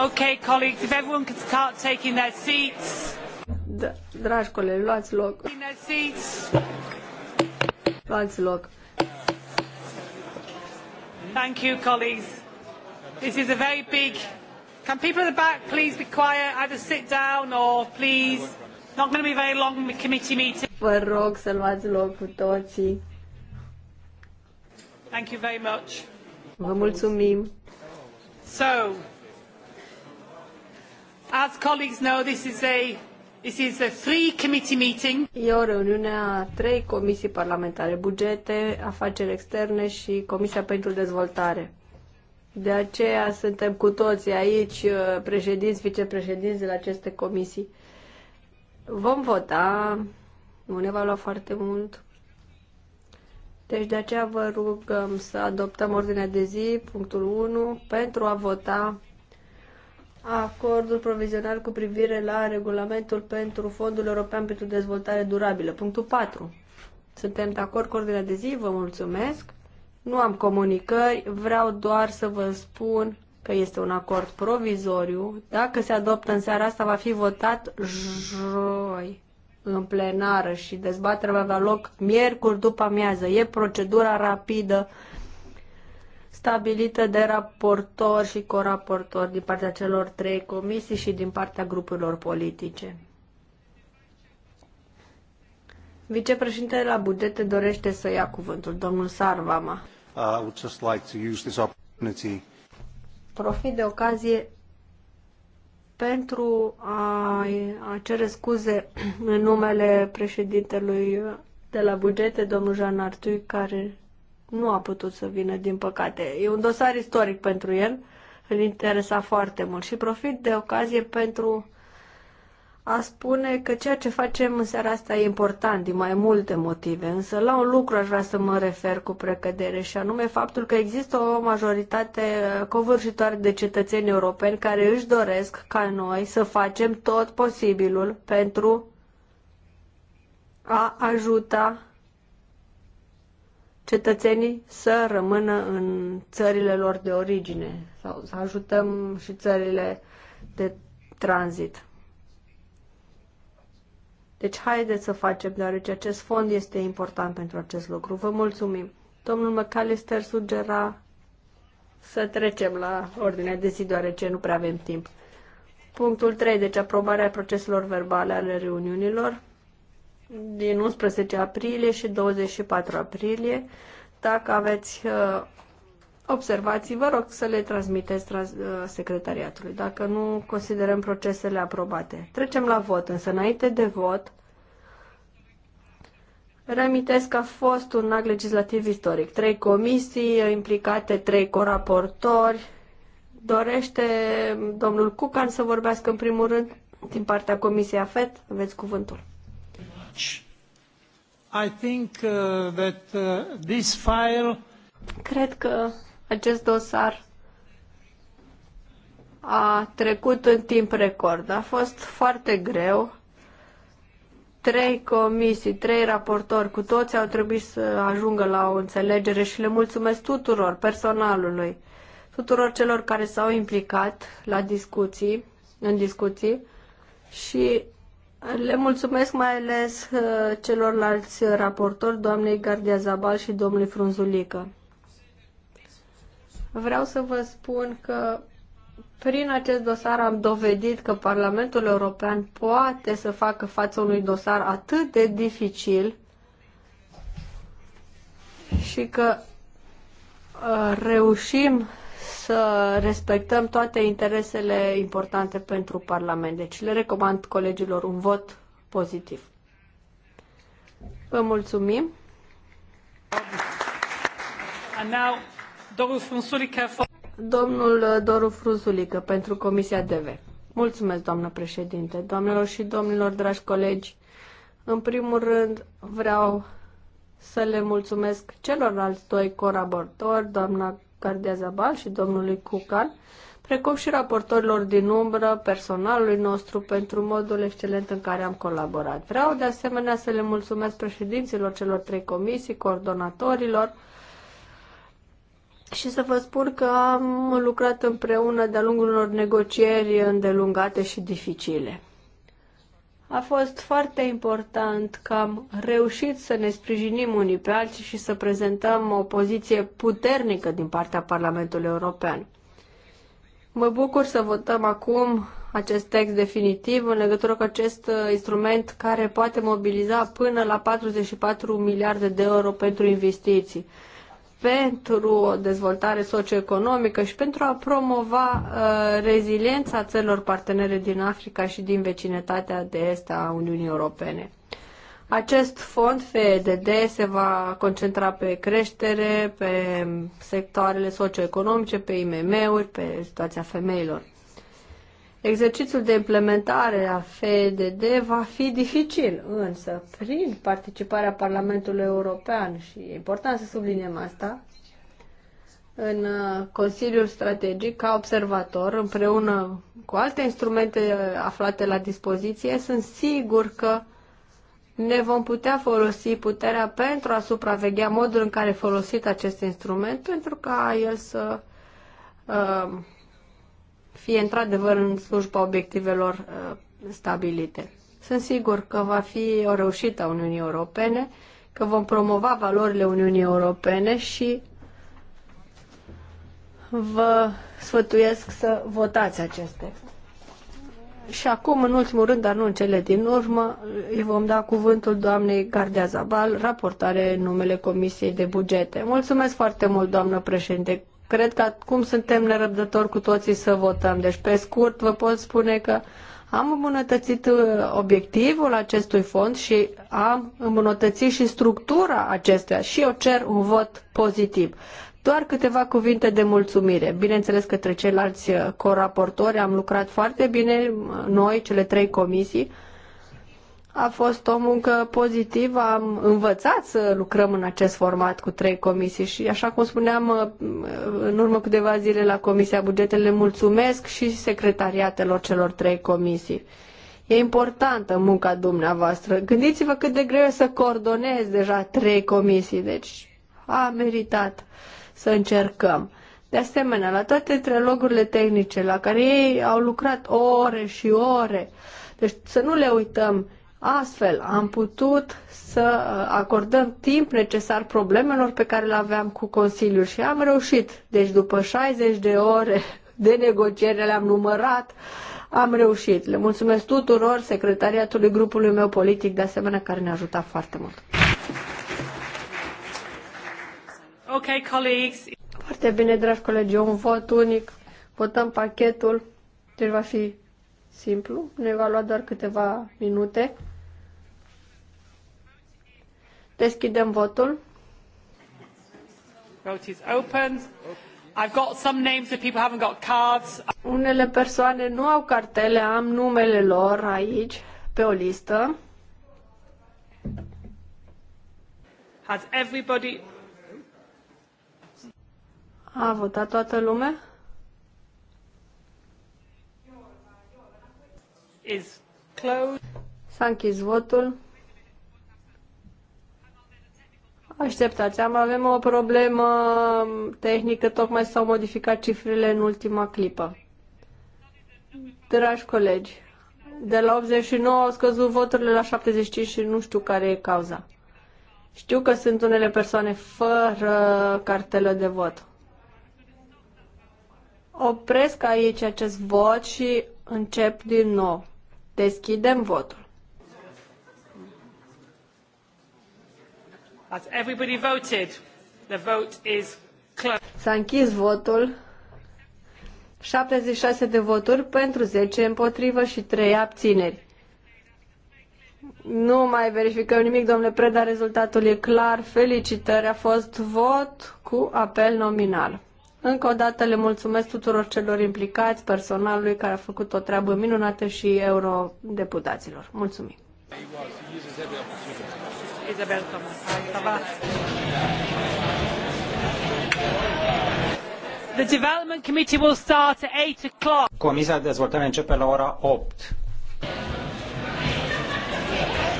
Okay, colleagues, if everyone could start taking their seats. Da, dragi colegi, luați loc. Luați loc. Thank you, colleagues. This is a very big. Can people at the back please be quiet? Either sit down or please. Not going to be very long committee meeting. Vă rog să luați loc cu toții. Thank you very much. Vă mulțumim. So, As colleagues know, this is a this is a three committee meeting. E o reuniune a trei comisii parlamentare, bugete, afaceri externe și Comisia pentru Dezvoltare. De aceea suntem cu toții aici, uh, președinți, vicepreședinți de la aceste comisii. Vom vota, nu ne va lua foarte mult. Deci de aceea vă rugăm să adoptăm ordinea de zi, punctul 1, pentru a vota acordul provizional cu privire la regulamentul pentru Fondul European pentru Dezvoltare Durabilă. Punctul 4. Suntem de acord cu ordinea de zi, vă mulțumesc. Nu am comunicări, vreau doar să vă spun că este un acord provizoriu. Dacă se adoptă în seara asta, va fi votat joi în plenară și dezbaterea va avea loc miercuri după amiază. E procedura rapidă stabilită de raportor și coraportor din partea celor trei comisii și din partea grupurilor politice. Vicepreședintele la bugete dorește să ia cuvântul, domnul Sarvama. Uh, Profit de ocazie pentru a, a cere scuze în numele președintelui de la bugete, domnul Jean Artui, care nu a putut să vină, din păcate. E un dosar istoric pentru el, îl interesa foarte mult și profit de ocazie pentru a spune că ceea ce facem în seara asta e important din mai multe motive, însă la un lucru aș vrea să mă refer cu precădere și anume faptul că există o majoritate covârșitoare de cetățeni europeni care își doresc ca noi să facem tot posibilul pentru a ajuta cetățenii să rămână în țările lor de origine sau să ajutăm și țările de tranzit. Deci haideți să facem, deoarece acest fond este important pentru acest lucru. Vă mulțumim. Domnul McAllister sugera să trecem la ordinea de zi, deoarece nu prea avem timp. Punctul 3, deci aprobarea proceselor verbale ale reuniunilor din 11 aprilie și 24 aprilie. Dacă aveți uh, observații, vă rog să le transmiteți uh, secretariatului, dacă nu considerăm procesele aprobate. Trecem la vot, însă înainte de vot, Reamintesc că a fost un act legislativ istoric. Trei comisii implicate, trei coraportori. Dorește domnul Cucan să vorbească în primul rând din partea Comisiei AFET. Aveți cuvântul much. I think uh, that uh, this file Cred că acest dosar a trecut în timp record. A fost foarte greu. Trei comisii, trei raportori, cu toți au trebuit să ajungă la o înțelegere și le mulțumesc tuturor, personalului, tuturor celor care s-au implicat la discuții, în discuții și le mulțumesc mai ales uh, celorlalți raportori, doamnei Gardia Zabal și domnului Frunzulică. Vreau să vă spun că prin acest dosar am dovedit că Parlamentul European poate să facă față unui dosar atât de dificil și că uh, reușim să respectăm toate interesele importante pentru Parlament. Deci le recomand colegilor un vot pozitiv. Vă mulțumim. Domnul Doru Fruzulică pentru Comisia DV. Mulțumesc, doamnă președinte. Doamnelor și domnilor, dragi colegi, în primul rând vreau să le mulțumesc celorlalți doi corabortori, doamna Cardiazabal și domnului Cucan, precum și raportorilor din umbră, personalului nostru, pentru modul excelent în care am colaborat. Vreau de asemenea să le mulțumesc președinților celor trei comisii, coordonatorilor, și să vă spun că am lucrat împreună de-a lungul unor negocieri îndelungate și dificile a fost foarte important că am reușit să ne sprijinim unii pe alții și să prezentăm o poziție puternică din partea Parlamentului European. Mă bucur să votăm acum acest text definitiv în legătură cu acest uh, instrument care poate mobiliza până la 44 miliarde de euro pentru investiții pentru o dezvoltare socioeconomică și pentru a promova uh, reziliența țărilor partenere din Africa și din vecinătatea de est a Uniunii Europene. Acest fond FEDD se va concentra pe creștere, pe sectoarele socioeconomice, pe IMM-uri, pe situația femeilor. Exercițiul de implementare a FEDD va fi dificil, însă prin participarea Parlamentului European, și e important să subliniem asta, în uh, Consiliul Strategic ca observator, împreună cu alte instrumente uh, aflate la dispoziție, sunt sigur că ne vom putea folosi puterea pentru a supraveghea modul în care folosit acest instrument, pentru ca el să uh, fie într-adevăr în slujba obiectivelor uh, stabilite. Sunt sigur că va fi o reușită a Uniunii Europene, că vom promova valorile Uniunii Europene și vă sfătuiesc să votați acest text. Și acum, în ultimul rând, dar nu în cele din urmă, îi vom da cuvântul doamnei Gardea Zabal, raportare în numele Comisiei de Bugete. Mulțumesc foarte mult, doamnă președinte cred că acum suntem nerăbdători cu toții să votăm. Deci, pe scurt, vă pot spune că am îmbunătățit uh, obiectivul acestui fond și am îmbunătățit și structura acestuia și eu cer un vot pozitiv. Doar câteva cuvinte de mulțumire. Bineînțeles că către ceilalți uh, coraportori am lucrat foarte bine, uh, noi, cele trei comisii, a fost o muncă pozitivă, am învățat să lucrăm în acest format cu trei comisii și așa cum spuneam uh, în urmă câteva zile la Comisia Bugetele, mulțumesc și secretariatelor celor trei comisii. E importantă munca dumneavoastră. Gândiți-vă cât de greu e să coordonezi deja trei comisii, deci a meritat să încercăm. De asemenea, la toate trilogurile tehnice la care ei au lucrat ore și ore, deci să nu le uităm, Astfel, am putut să uh, acordăm timp necesar problemelor pe care le aveam cu Consiliul și am reușit. Deci, după 60 de ore de negociere, le-am numărat, am reușit. Le mulțumesc tuturor, secretariatului grupului meu politic, de asemenea, care ne-a ajutat foarte mult. Okay, colleagues. Foarte bine, dragi colegi, un vot unic. Votăm pachetul. Deci va fi simplu, ne va lua doar câteva minute. Deschidem votul. Vote is open. I've got some names people haven't got cards. Unele persoane nu au cartele, am numele lor aici pe o listă. Has everybody A votat toată lumea? S-a închis votul. Așteptați, am avem o problemă tehnică, tocmai s-au modificat cifrele în ultima clipă. Dragi colegi, de la 89 au scăzut voturile la 75 și nu știu care e cauza. Știu că sunt unele persoane fără cartelă de vot. Opresc aici acest vot și încep din nou. Deschidem votul. As everybody voted? The vote is closed. S-a închis votul. 76 de voturi pentru 10 împotrivă și 3 abțineri. Nu mai verificăm nimic, domnule Preda, rezultatul e clar. Felicitări, a fost vot cu apel nominal. Încă o dată le mulțumesc tuturor celor implicați, personalului care a făcut o treabă minunată și eurodeputaților. Mulțumim! The Development Committee will start at 8 o'clock. Comisia de dezvoltare începe la ora 8.